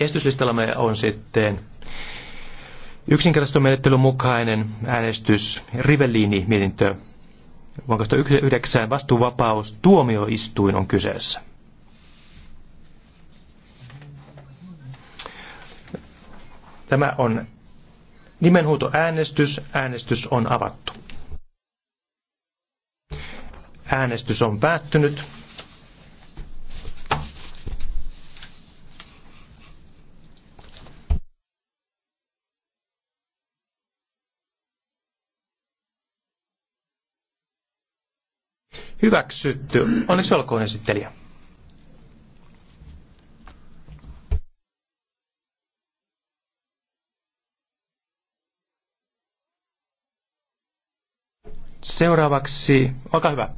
estyslistallamme on sitten menettelyn mukainen äänestys Rivellini mietintö vuonna 2009 vastuuvapaus tuomioistuin on kyseessä. Tämä on nimenhuuto äänestys. Äänestys on avattu. Äänestys on päättynyt. Hyväksytty. Onneksi olkoon esittelijä. Seuraavaksi, olkaa hyvä.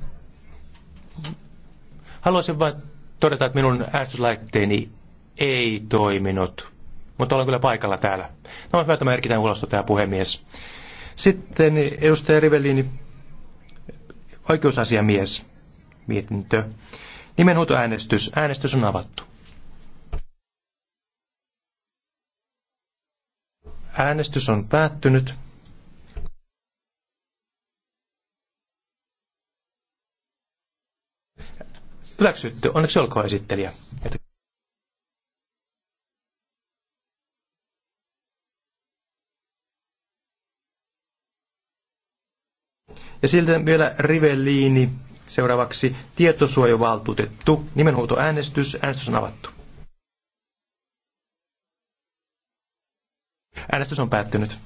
Haluaisin vain todeta, että minun äänestyslaitteeni ei toiminut, mutta olen kyllä paikalla täällä. No hyvä, että merkitään ulos tämä puhemies. Sitten edustaja Rivellini Oikeusasiamies. Mietintö. Nimenhuutoäänestys. Äänestys on avattu. Äänestys on päättynyt. Hyväksytty. Onneksi olkoon esittelijä. Ja siltä vielä Riveliini seuraavaksi tietosuojavaltuutettu. äänestys. Äänestys on avattu. Äänestys on päättynyt.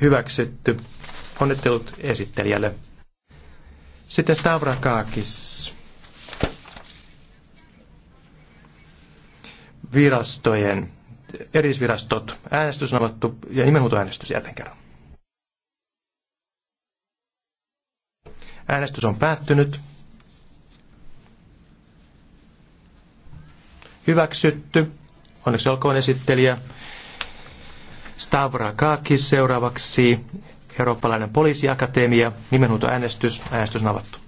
Hyväksytty. Onnittelut esittelijälle. Sitten Stavrakakis. Virastojen erisvirastot. Äänestys on avattu ja nimenhuutoäänestys jälleen kerran. Äänestys on päättynyt. Hyväksytty. Onneksi olkoon esittelijä. Stavra Kaakis seuraavaksi. Eurooppalainen poliisiakatemia. Nimenhuutoäänestys. Äänestys on avattu.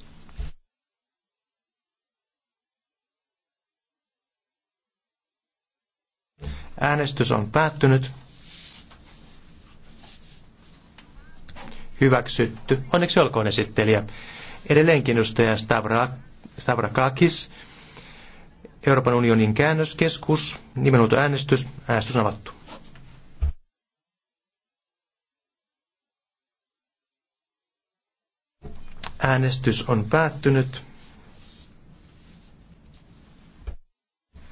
Äänestys on päättynyt. Hyväksytty. Onneksi olkoon esittelijä. Edelleenkin edustaja Stavra, Stavrakakis, Euroopan unionin käännöskeskus, nimenhuuto äänestys, äänestys on avattu. Äänestys on päättynyt.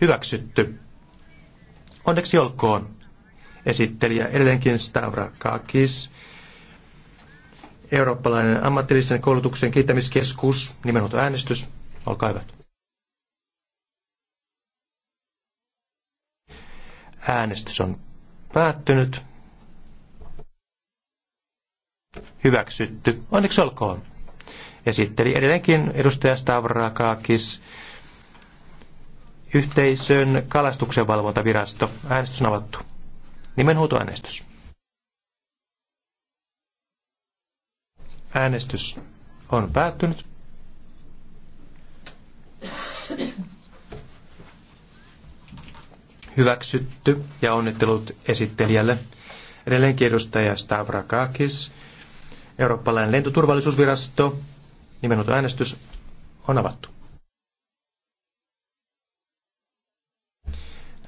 Hyväksytty. Onneksi olkoon esittelijä edelleenkin Stavra Kakis, eurooppalainen ammatillisen koulutuksen kiittämiskeskus, nimenhuuto äänestys. Olkaa hyvät. Äänestys on päättynyt. Hyväksytty. Onneksi olkoon. Esitteli edelleenkin edustaja Stavrakakis yhteisön kalastuksen valvontavirasto. Äänestys on avattu. Nimenhuutoäänestys. Äänestys on päättynyt. Hyväksytty ja onnittelut esittelijälle. Edelleenkin edustaja Stavrakakis, Eurooppalainen lentoturvallisuusvirasto, nimenhuutoäänestys on avattu.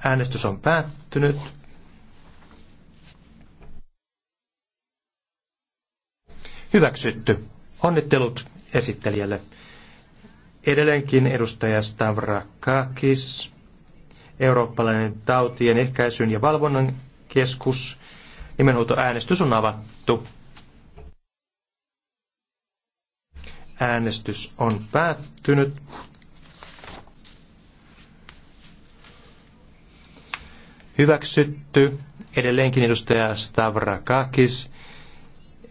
Äänestys on päättynyt. Hyväksytty. Onnittelut esittelijälle. Edelleenkin edustaja Stavrakakis, Eurooppalainen tautien ehkäisyn ja valvonnan keskus. Nimenhuutoäänestys on avattu. Äänestys on päättynyt. hyväksytty. Edelleenkin edustaja Stavrakakis,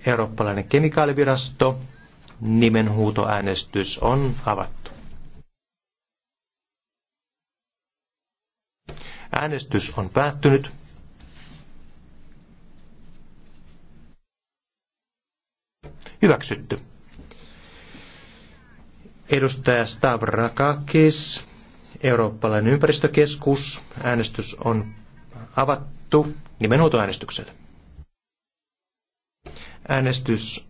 Eurooppalainen kemikaalivirasto, nimenhuutoäänestys on avattu. Äänestys on päättynyt. Hyväksytty. Edustaja Stavrakakis, Eurooppalainen ympäristökeskus. Äänestys on avattu nimenhuutoäänestykselle. Niin äänestys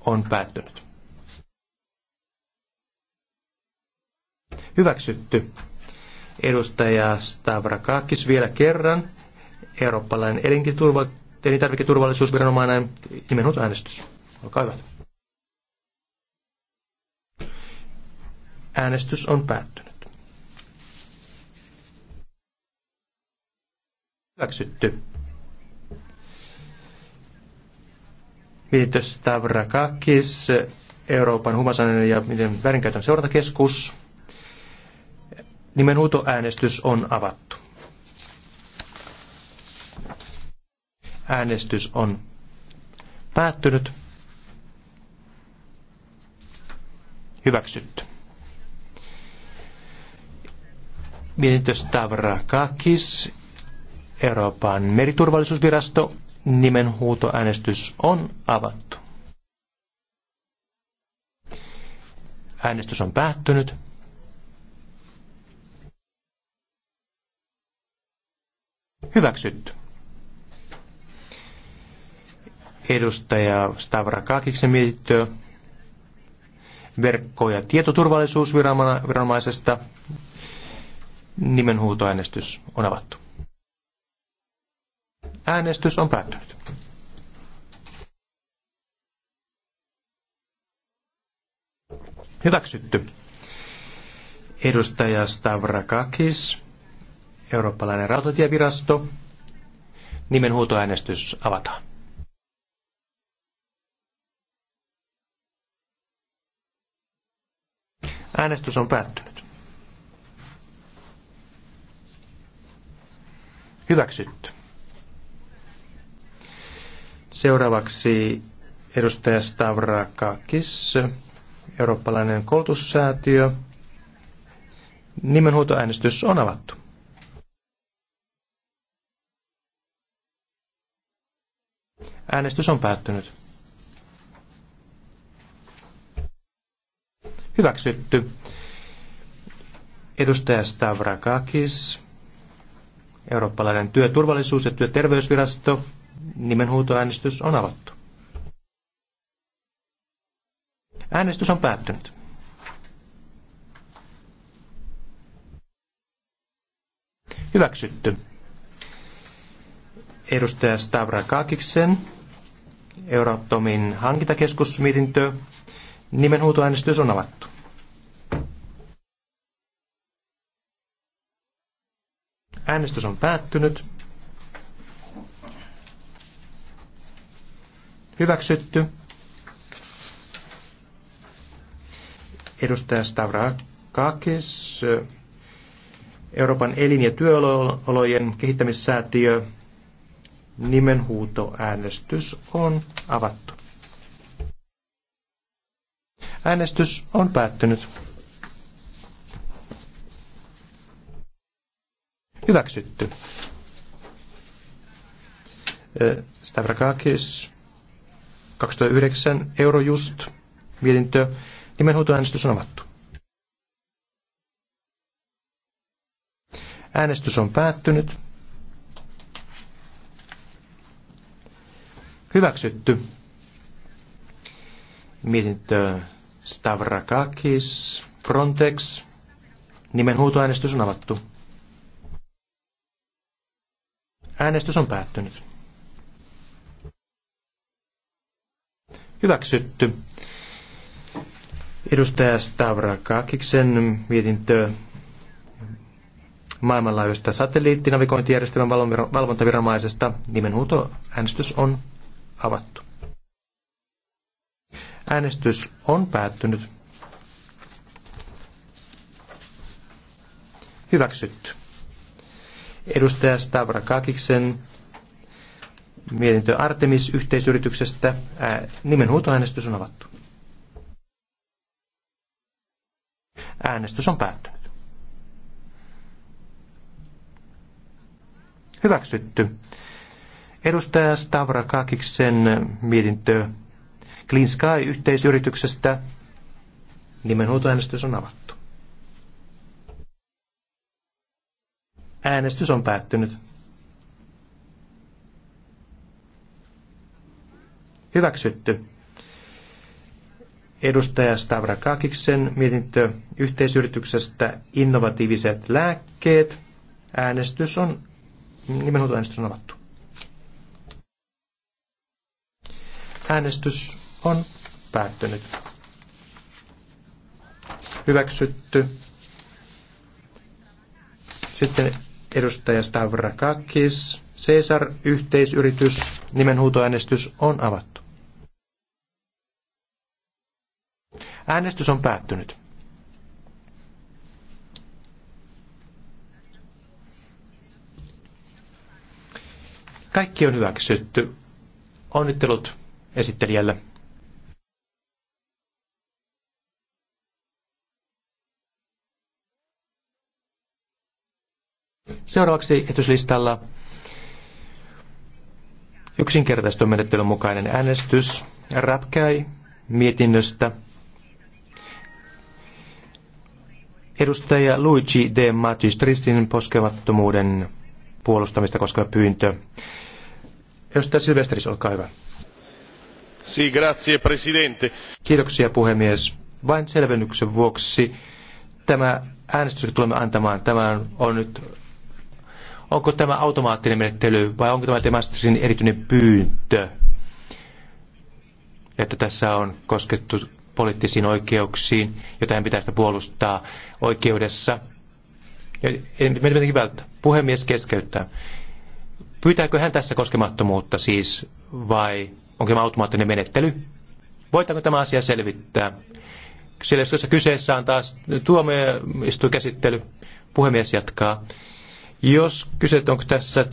on päättynyt. Hyväksytty. Edustaja Kaakis vielä kerran. Eurooppalainen elintarviketurvallisuusviranomainen nimenhuutoäänestys. Olkaa hyvät. Äänestys on päättynyt. Hyväksytty. Mietintö Stavrakakis, Euroopan humasainen ja miten väärinkäytön seurantakeskus. Nimenhuutoäänestys on avattu. Äänestys on päättynyt. Hyväksytty. Mietintö Stavrakakis, Euroopan meriturvallisuusvirasto. Nimenhuutoäänestys on avattu. Äänestys on päättynyt. Hyväksytty. Edustaja Kaakiksen mietittyä verkko- ja tietoturvallisuusviranomaisesta. Nimenhuutoäänestys on avattu. Äänestys on päättynyt. Hyväksytty. Edustaja Stavrakakis, Eurooppalainen rautatievirasto. Nimenhuutoäänestys avataan. Äänestys on päättynyt. Hyväksytty. Seuraavaksi edustaja Stavrakakis, eurooppalainen koulutussäätiö. Nimenhuutoäänestys on avattu. Äänestys on päättynyt. Hyväksytty. Edustaja Stavrakakis, eurooppalainen työturvallisuus- ja työterveysvirasto, Nimenhuutoäänestys on avattu. Äänestys on päättynyt. Hyväksytty. Edustaja Stavra Kakiksen, Euratomin hankintakeskusmietintö. Nimenhuutoäänestys on avattu. Äänestys on päättynyt. hyväksytty. Edustaja Stavrakakis, Euroopan elin- ja työolojen kehittämissäätiö, nimenhuutoäänestys on avattu. Äänestys on päättynyt. Hyväksytty. Stavrakakis 2009 Eurojust mietintö. Nimenhuutoäänestys on avattu. Äänestys on päättynyt. Hyväksytty. Mietintö Stavrakakis, Frontex. Nimenhuutoäänestys on avattu. Äänestys on päättynyt. hyväksytty. Edustaja Stavrakakiksen mietintö maailmanlaajuista satelliittinavigointijärjestelmän valvontaviranomaisesta. Nimenhuuto äänestys on avattu. Äänestys on päättynyt. Hyväksytty. Edustaja Stavrakakiksen mietintö Artemis-yhteisyrityksestä. Nimenhuutoäänestys on avattu. Äänestys on päättynyt. Hyväksytty. Edustaja Stavra Kakiksen mietintö Clean Sky-yhteisyrityksestä. Nimenhuutoäänestys on avattu. Äänestys on päättynyt. hyväksytty. Edustaja Kakiksen mietintö yhteisyrityksestä innovatiiviset lääkkeet. Äänestys on, äänestys on avattu. Äänestys on päättynyt. Hyväksytty. Sitten edustaja Kakis. Cesar-yhteisyritys, nimenhuutoäänestys on avattu. Äänestys on päättynyt. Kaikki on hyväksytty. Onnittelut esittelijälle. Seuraavaksi ehdotuslistalla yksinkertaistumenettelyn mukainen äänestys Rapkäi mietinnöstä Edustaja Luigi de Magistristin poskemattomuuden puolustamista koskeva pyyntö. Edustaja Silvestris, olkaa hyvä. Si, grazie, presidente. Kiitoksia, puhemies. Vain selvennyksen vuoksi tämä äänestys, jota tulemme antamaan, tämä on nyt, onko tämä automaattinen menettely vai onko tämä Demastrisin erityinen pyyntö? Että tässä on koskettu poliittisiin oikeuksiin, joita hän pitäisi puolustaa oikeudessa. Ja meidän pitäisi välttää. Puhemies keskeyttää. Pyytääkö hän tässä koskemattomuutta siis vai onko tämä automaattinen menettely? Voitaanko tämä asia selvittää? Sillä jos kyseessä on taas tuomioistuinkäsittely, puhemies jatkaa. Jos kysyt, onko tässä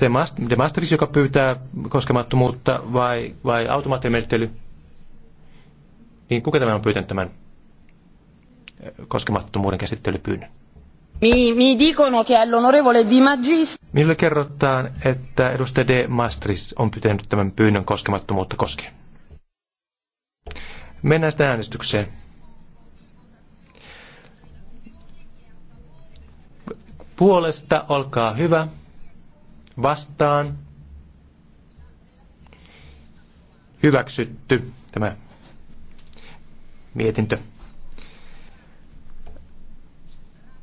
Demasteris, joka pyytää koskemattomuutta vai, vai automaattinen menettely, niin kuka tämä on pyytänyt tämän äh, koskemattomuuden käsittelypyynnön? Mi, mi dicono che all'onorevole Di Magis... Mille kerrotaan, että edustaja De Maastris on pyytänyt tämän pyynnön koskemattomuutta koskien. Mennään sitten äänestykseen. Puolesta olkaa hyvä. Vastaan. Hyväksytty tämä mietintö.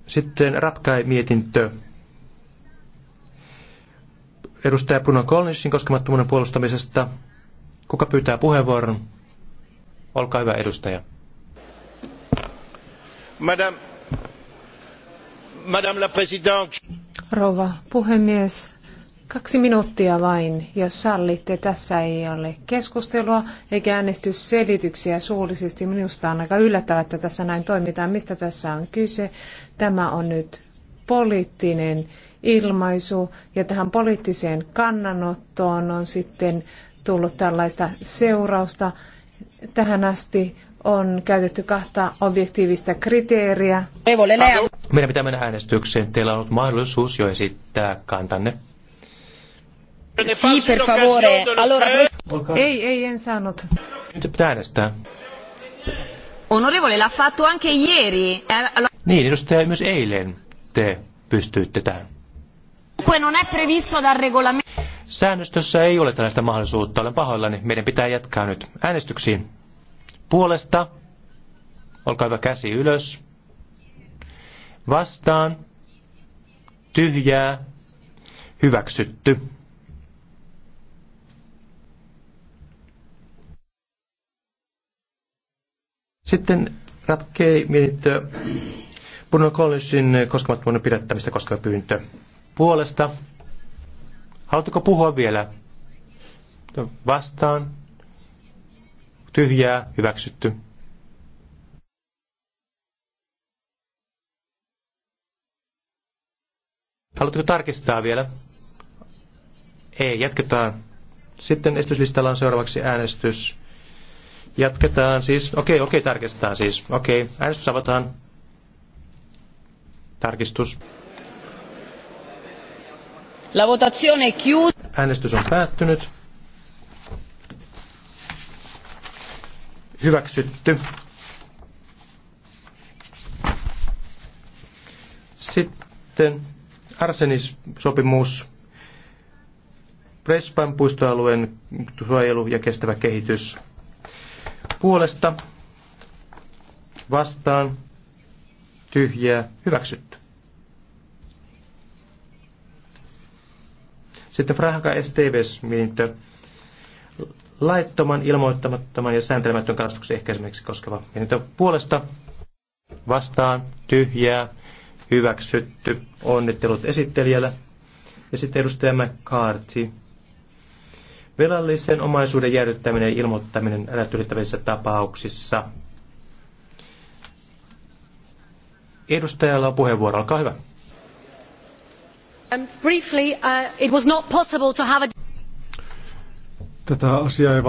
Sitten Rapkai-mietintö. Edustaja Bruno Kolnissin koskemattomuuden puolustamisesta. Kuka pyytää puheenvuoron? Olkaa hyvä, edustaja. Madame, Madame la Présidente. Rouva puhemies, Kaksi minuuttia vain, jos sallitte. Tässä ei ole keskustelua eikä äänestysselityksiä suullisesti. Minusta on aika yllättävää, että tässä näin toimitaan. Mistä tässä on kyse? Tämä on nyt poliittinen ilmaisu ja tähän poliittiseen kannanottoon on sitten tullut tällaista seurausta. Tähän asti on käytetty kahta objektiivista kriteeriä. Meidän pitää mennä äänestykseen. Teillä on ollut mahdollisuus jo esittää kantanne. Si, per favore. Allora... Ei, ei, en äänestää. Onorevole, l'ha fatto anche ieri. Eh, niin, edustaja, myös eilen te pystyitte tähän. Non è previsto dal regolamento. Säännöstössä ei ole tällaista mahdollisuutta. Olen pahoillani. Meidän pitää jatkaa nyt äänestyksiin. Puolesta. Olkaa hyvä käsi ylös. Vastaan. Tyhjää. Hyväksytty. Sitten Rapkei mietintö Bruno Collinsin koskemattomuuden pidättämistä koskeva pyyntö puolesta. Haluatteko puhua vielä? Vastaan. Tyhjää. Hyväksytty. Haluatteko tarkistaa vielä? Ei, jatketaan. Sitten esityslistalla on seuraavaksi äänestys Jatketaan siis. Okei, okei, tarkistetaan siis. Okei, äänestys avataan. Tarkistus. La votazione chiusa. Äänestys on päättynyt. Hyväksytty. Sitten arsenisopimus. Prespan puistoalueen suojelu ja kestävä kehitys puolesta vastaan tyhjää hyväksytty. Sitten Franka STVs mietintö. Laittoman, ilmoittamattoman ja sääntelemättömän kalastuksen ehkäisemiseksi koskeva mietintö puolesta vastaan tyhjää hyväksytty. Onnittelut esittelijälle. Ja sitten edustaja McCarthy Velallisen omaisuuden jäädyttäminen ja ilmoittaminen älättyrittävissä tapauksissa. Edustajalla on puheenvuoro, olkaa hyvä. Um, briefly, uh, it was not possible to have a... Tätä asiaa ei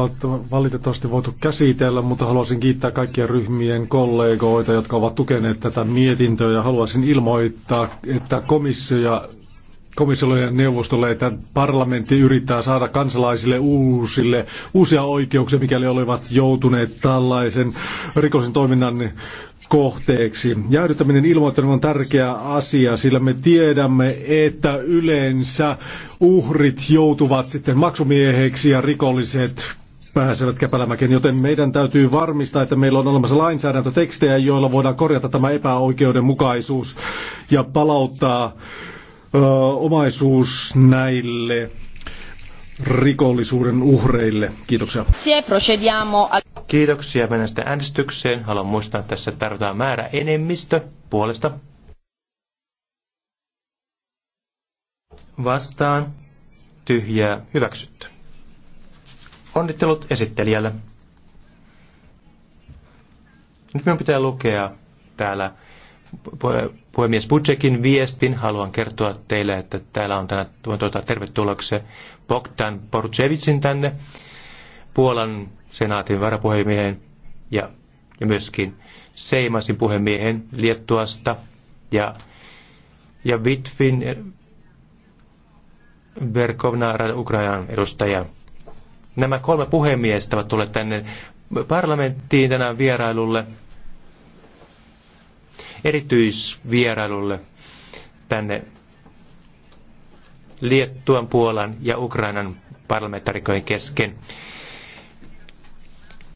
valitettavasti voitu käsitellä, mutta haluaisin kiittää kaikkia ryhmien kollegoita, jotka ovat tukeneet tätä mietintöä ja haluaisin ilmoittaa, että komissio ja komissiolle ja neuvostolle, että parlamentti yrittää saada kansalaisille uusille, uusia oikeuksia, mikäli olivat joutuneet tällaisen rikollisen toiminnan kohteeksi. Jäädyttäminen ilmoittaminen on tärkeä asia, sillä me tiedämme, että yleensä uhrit joutuvat sitten maksumieheiksi ja rikolliset pääsevät käpälämäkeen, joten meidän täytyy varmistaa, että meillä on olemassa lainsäädäntötekstejä, joilla voidaan korjata tämä epäoikeudenmukaisuus ja palauttaa omaisuus näille rikollisuuden uhreille. Kiitoksia. Kiitoksia. Mennään sitten äänestykseen. Haluan muistaa, että tässä tarvitaan määrä enemmistö puolesta. Vastaan. Tyhjää. Hyväksytty. Onnittelut esittelijälle. Nyt minun pitää lukea täällä puhemies Butchekin viestin. Haluan kertoa teille, että täällä on tänä tuota, tervetulokse Bogdan Borucevicin tänne, Puolan senaatin varapuhemiehen ja, ja myöskin Seimasin puhemiehen Liettuasta ja, ja Vitvin Verkovna Ukrainan edustaja. Nämä kolme puhemiestä ovat tulleet tänne parlamenttiin tänään vierailulle erityisvierailulle tänne Liettuan, Puolan ja Ukrainan parlamentaarikojen kesken.